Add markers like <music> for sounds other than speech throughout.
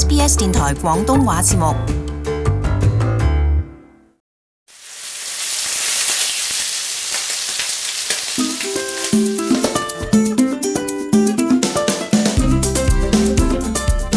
SBS 電台廣東話節目，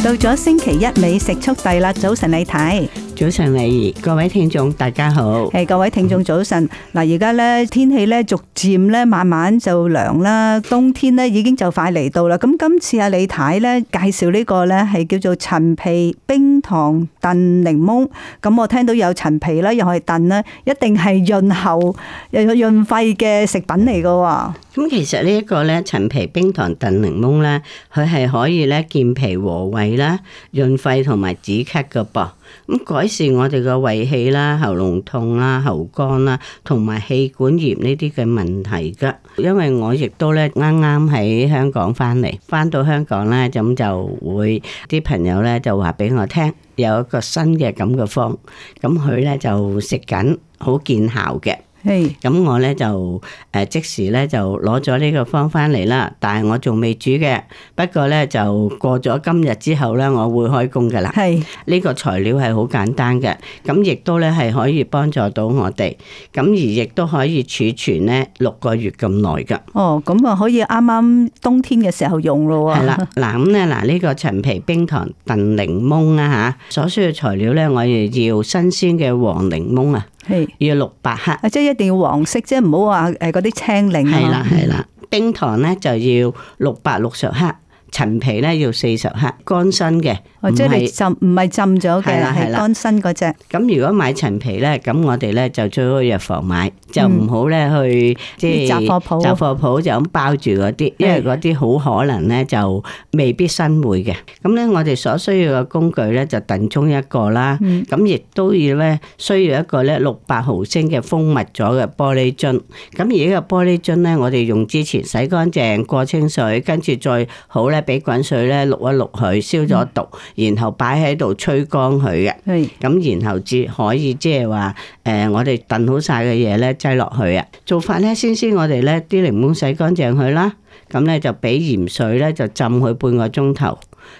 到咗星期一，美食速遞啦，早晨你睇。早晨，李各位聽眾大家好。誒，各位聽眾早晨。嗱，而家咧天氣咧逐漸咧慢慢就涼啦，冬天咧已經就快嚟到啦。咁今次阿李太咧介紹呢個咧係叫做陳皮冰糖燉檸檬。咁我聽到有陳皮啦，又係燉啦，一定係潤喉又潤肺嘅食品嚟噶。咁其實呢一個咧陳皮冰糖燉檸檬咧，佢係可以咧健脾和胃啦、潤肺同埋止咳噶噃。咁改善我哋個胃氣啦、喉嚨痛啦、喉乾啦，同埋氣管炎呢啲嘅問題㗎。因為我亦都咧啱啱喺香港翻嚟，翻到香港咧咁就會啲朋友咧就話俾我聽，有一個新嘅咁嘅方，咁佢咧就食緊，好見效嘅。咁我咧就誒即時咧就攞咗呢個方翻嚟啦，但係我仲未煮嘅。不過咧就過咗今日之後咧，我會開工噶啦。係呢是個材料係好簡單嘅，咁亦都咧係可以幫助到我哋，咁而亦都可以儲存咧六個月咁耐㗎。哦，咁啊可以啱啱冬天嘅時候用咯喎，啊。係啦 <laughs> ，嗱咁咧嗱呢個陳皮冰糖燉檸檬啊嚇，所需嘅材料咧我哋要，要新鮮嘅黃檸檬啊，是要六百克即係一。一定要黃色，即係唔好話誒，嗰啲青檸係啦係啦，冰糖咧就要六百六十克。陳皮咧要四十克乾身嘅，唔係浸，唔係浸咗嘅，係乾身嗰隻。咁如果買陳皮咧，咁我哋咧就最好去藥房買，就唔好咧去即係雜貨鋪。雜貨鋪就咁包住嗰啲，因為嗰啲好可能咧就未必新會嘅。咁咧，我哋所需要嘅工具咧就燉盅一個啦。咁亦都要咧需要一個咧六百毫升嘅封密咗嘅玻璃樽。咁而呢個玻璃樽咧，我哋用之前洗乾淨，過清水，跟住再好咧。俾滾水咧，淥一淥佢，消咗毒，然後擺喺度吹乾佢嘅。咁是然後至可以即係話，誒、就是呃，我哋燉好晒嘅嘢咧，擠落去啊。做法咧，先先我呢，我哋咧啲檸檬洗乾淨佢啦。咁咧就俾鹽水咧就浸佢半個鐘頭，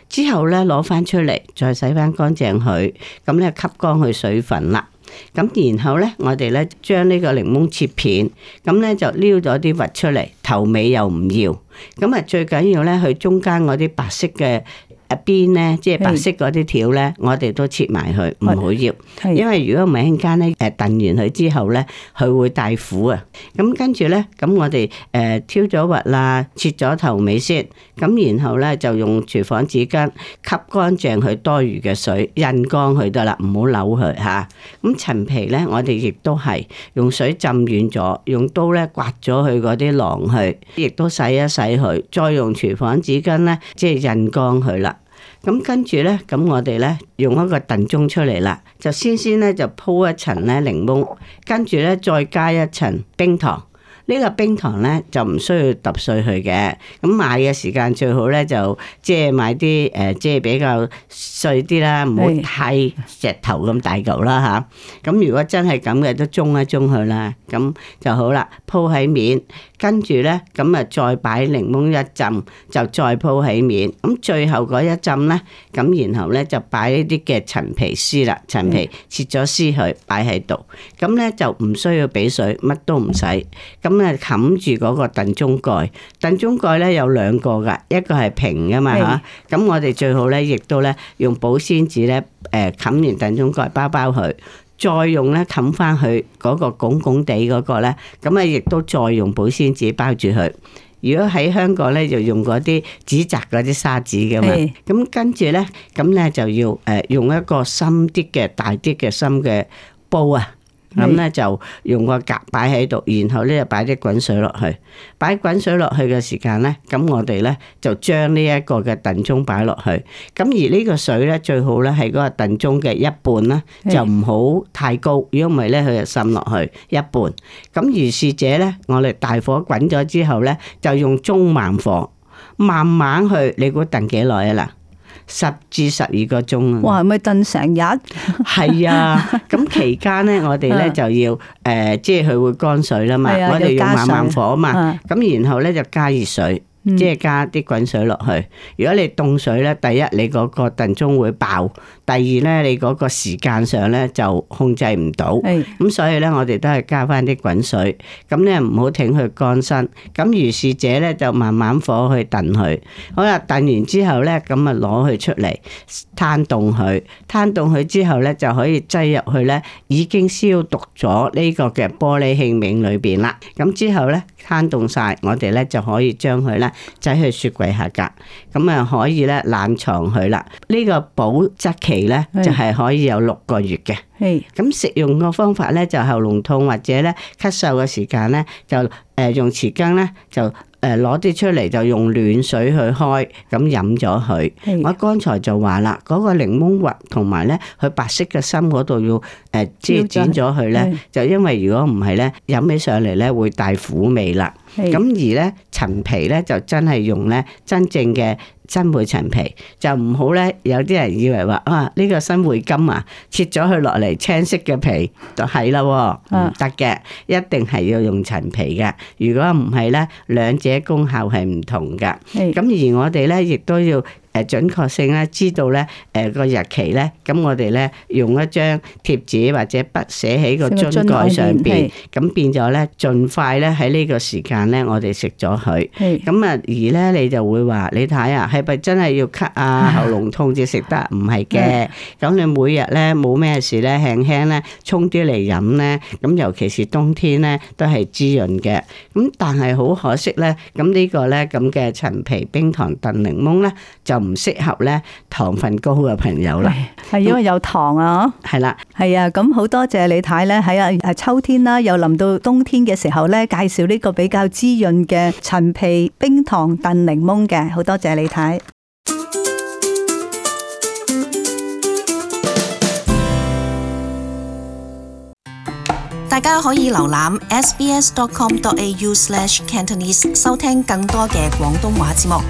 之後咧攞翻出嚟，再洗翻乾淨佢。咁咧吸乾佢水分啦。咁然後咧，我哋咧將呢將個檸檬切片，咁咧就撩咗啲核出嚟。頭尾又唔要，咁啊最緊要咧，佢中間嗰啲白色嘅啊邊咧，即係白色嗰啲條咧，我哋都切埋佢，唔好要。因為如果唔係，一陣間咧誒燉完佢之後咧，佢會帶苦啊。咁跟住咧，咁我哋誒挑咗核啦，切咗頭尾先，咁然後咧就用廚房紙巾吸乾淨佢多餘嘅水，印乾佢得啦，唔好扭佢吓。咁陳皮咧，我哋亦都係用水浸軟咗，用刀咧刮咗佢嗰啲瓤。佢亦都洗一洗佢，再用廚房紙巾咧，即係印乾佢啦。咁跟住咧，咁我哋咧用一個燉盅出嚟啦，就先先咧就鋪一層咧檸檬，跟住咧再加一層冰糖。呢個冰糖咧就唔需要揼碎佢嘅，咁買嘅時間最好咧就即係買啲誒即係比較碎啲啦，唔好太石頭咁大嚿啦嚇。咁如果真係咁嘅，都中一中佢啦，咁就好啦。鋪喺面，跟住咧咁啊再擺檸檬一浸，就再鋪喺面。咁最後嗰一浸咧，咁然後咧就擺呢啲嘅陳皮絲啦，陳皮切咗絲佢擺喺度。咁咧就唔需要俾水，乜都唔使咁。咁啊，冚住嗰個燉盅蓋，燉盅蓋咧有兩個噶，一個係平噶嘛吓，咁是、啊、我哋最好咧，亦都咧用保鮮紙咧，誒，冚完燉盅蓋，包包佢，再用咧冚翻去嗰個拱拱地嗰、嗰個咧，咁啊，亦都再用保鮮紙包住佢。如果喺香港咧，就用嗰啲紙紮嗰啲砂紙噶嘛，咁是、啊、跟住咧，咁咧就要誒、呃，用一個深啲嘅、大啲嘅、深嘅煲啊。咁咧就用個夾擺喺度，然後咧就擺啲滾水落去。擺滾水落去嘅時間咧，咁我哋咧就將呢一個嘅燉盅擺落去。咁而呢個水咧最好咧係嗰個燉盅嘅一半啦，就唔好太高，如果唔係咧佢就滲落去一半。咁於是者咧，我哋大火滾咗之後咧，就用中慢火慢慢去。你估燉幾耐啊啦？十至十二個鐘 <laughs> 啊！哇，係咪燉成日？係 <laughs> 啊，咁期間咧，我哋咧就要誒，即係佢會乾水啦嘛，我哋用慢慢火啊嘛，咁、 <laughs> 啊、然後咧就加熱水。即係加啲滾水落去。如果你凍水咧，第一你嗰個燉盅會爆，第二咧你嗰個時間上咧就控制唔到。咁的所以咧，我哋都係加翻啲滾水。咁咧唔好停佢乾身。咁如是者咧，就慢慢火去燉佢。好啦，燉完之後咧，咁啊攞佢出嚟攤凍佢。攤凍佢之後咧，就可以擠入去咧已經消毒咗呢個嘅玻璃器皿裏邊啦。咁之後咧攤凍晒我哋咧就可以將佢咧。就喺雪櫃下格，咁啊可以咧冷藏佢啦。呢個保質期咧就係可以有六個月嘅。係是，咁食用個方法咧就喉嚨痛或者咧咳嗽嘅時間咧就誒用匙羹咧就。誒攞啲出嚟就用暖水去開，咁飲咗佢。的我剛才就話啦，嗰個檸檬核同埋咧，佢白色嘅心嗰度要即係剪咗佢咧，的就因為如果唔係咧，飲起上嚟咧會帶苦味啦。咁的而咧陳皮咧就真係用咧真正嘅。新會陳皮就唔好咧，有啲人以為話啊呢個新會金啊，切咗佢落嚟青色嘅皮就係啦喎，唔得嘅，一定係要用陳皮嘅。如果唔係咧，兩者功效係唔同噶。咁而我哋咧，亦都要。誒準確性咧，知道咧，誒個日期咧，咁我哋咧用一張貼紙或者筆寫喺個樽蓋上邊，咁變咗咧，盡快咧喺呢個時間咧，我哋食咗佢。咁啊，而咧你就會話，你睇啊，係咪真係要咳啊、喉嚨痛至食得？唔係嘅，咁你每日咧冇咩事咧，輕輕咧沖啲嚟飲咧，咁尤其是冬天咧都係滋潤嘅。咁但係好可惜咧，咁呢個咧咁嘅陳皮冰糖燉檸檬咧就。唔適合咧糖分高嘅朋友啦，係因為有糖啊，係啦，係啊，咁好多謝李太咧喺啊誒秋天啦，又臨到冬天嘅時候咧，介紹呢個比較滋潤嘅陳皮冰糖燉檸檬嘅，好多謝李太。大家可以瀏覽 sbs.com.au/cantonese，收聽更多嘅廣東話節目。